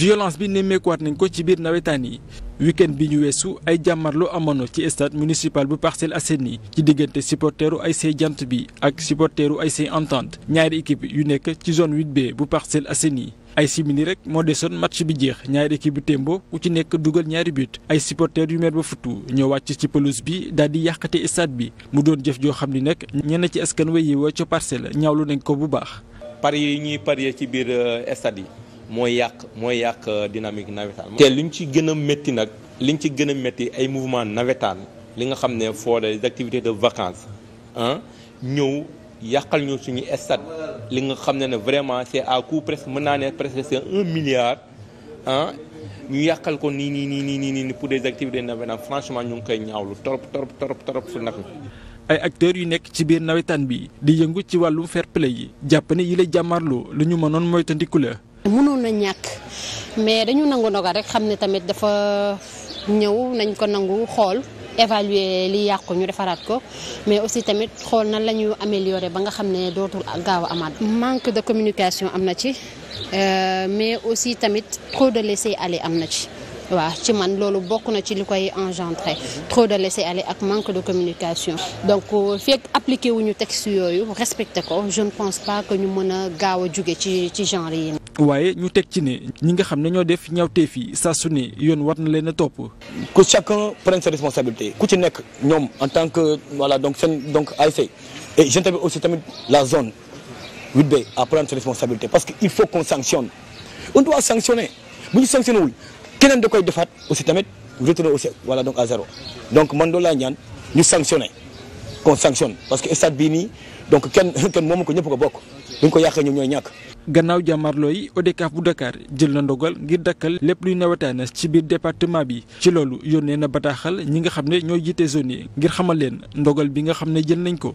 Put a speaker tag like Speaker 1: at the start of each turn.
Speaker 1: violence bi nemmeekuwaat nañ ko ci biir nawetaan yi week bi ñu weesu ay jàmmarlu amoon ci stade municipal bu Parcelles Assainies ci diggante supporteru ASC Jant bi ak ay ASC Entente ñaari équipe yu nekk ci zone 8B bu Parcelles Assainies ay simili rek moo desoon match bi jeex ñaari équipe bu Témbo ku ci nekk dugal ñaari but ay supporters yu mer ba futtu ñoo wàcc ci pelouse bi daal di yàqate stade bi mu doon jëf joo xam ni nag ñenn ci askan wi yi waa ca Parcelles ñaawlu nañ ko bu baax.
Speaker 2: pari yi ñuy parier ci biir euh, stade yi. mooy yàq mooy yàq euh, dynamique navétane te liñ ci gën a métti nag liñ ci gën a métti ay mouvement navétane li nga xam ne foo des activités de vacances ah ñëw yàqal ñu suñu stade li nga xam ne ne vraiment c'est à coût presque mën naa ne presque c'est un milliard ah ñu yàqal ko nii nii nii nii nii nii pour des activités navétanes franchement ñu ngi koy ñaawlu torop torop torop torop su nag ay acteurs yu nekk ci biir nawetaan bi di yëngu ci wàllu
Speaker 1: fair play yi jàpp ne yi la jàmmarloo lu ñu mënoon moytandiku la
Speaker 3: mënoon na ñàkk mais dañu nangu ndogal rek xam ne tamit dafa ñëw nañ ko nangu xool évaluer li yàqu ñu defaraat ko mais aussi tamit xool nan la ñu améliorer ba nga xam ne dootul gaaw amaat. manque de communication am na ci euh, mais aussi tamit trop de laisser aller am na ci. waaw ci man loolu bokk na ci li koy engendrer trop de laisser aller ak manque de communication donc euh, fekk appliqué wuñu texte yooyu respecté ko je ne pense pas que ñu mën a gaaw a jóge ci ci genre yi.
Speaker 1: waaye ñu teg ci ne ñi nga xam ne
Speaker 4: ñoo def ñawteef yi saa su ne yoon war na leen a topp. que chacun prenne ses responsabilités ku ci nekk ñoom en tant que voilà donc seen donc ASC et j'interpelle aussi tamit la zone 8B à prendre ses responsabilités parce que il faut qu'on sanctionne on doit sanctionner bu ñu sanctionné keneen da koy defaat aussi tamit retourner aussi wala donc à zéro donc man loolu laa ñaan ñu sanctionner. qu'on sanctionne parce que stade bii nii donc kenn kenn moomu ko ñëpp ko bokk bu ñu ko yàqee ñoom ñooy ñàkk. gannaaw jàmmarloo yi bu Dakar jël na ndogal
Speaker 1: ngir dakkal lépp luy nawetaan ci biir département bi ci loolu yónnee na bataaxal ñi nga xam ne ñooy jiite zone yi ngir xamal leen ndogal bi nga xam ne jël nañ ko.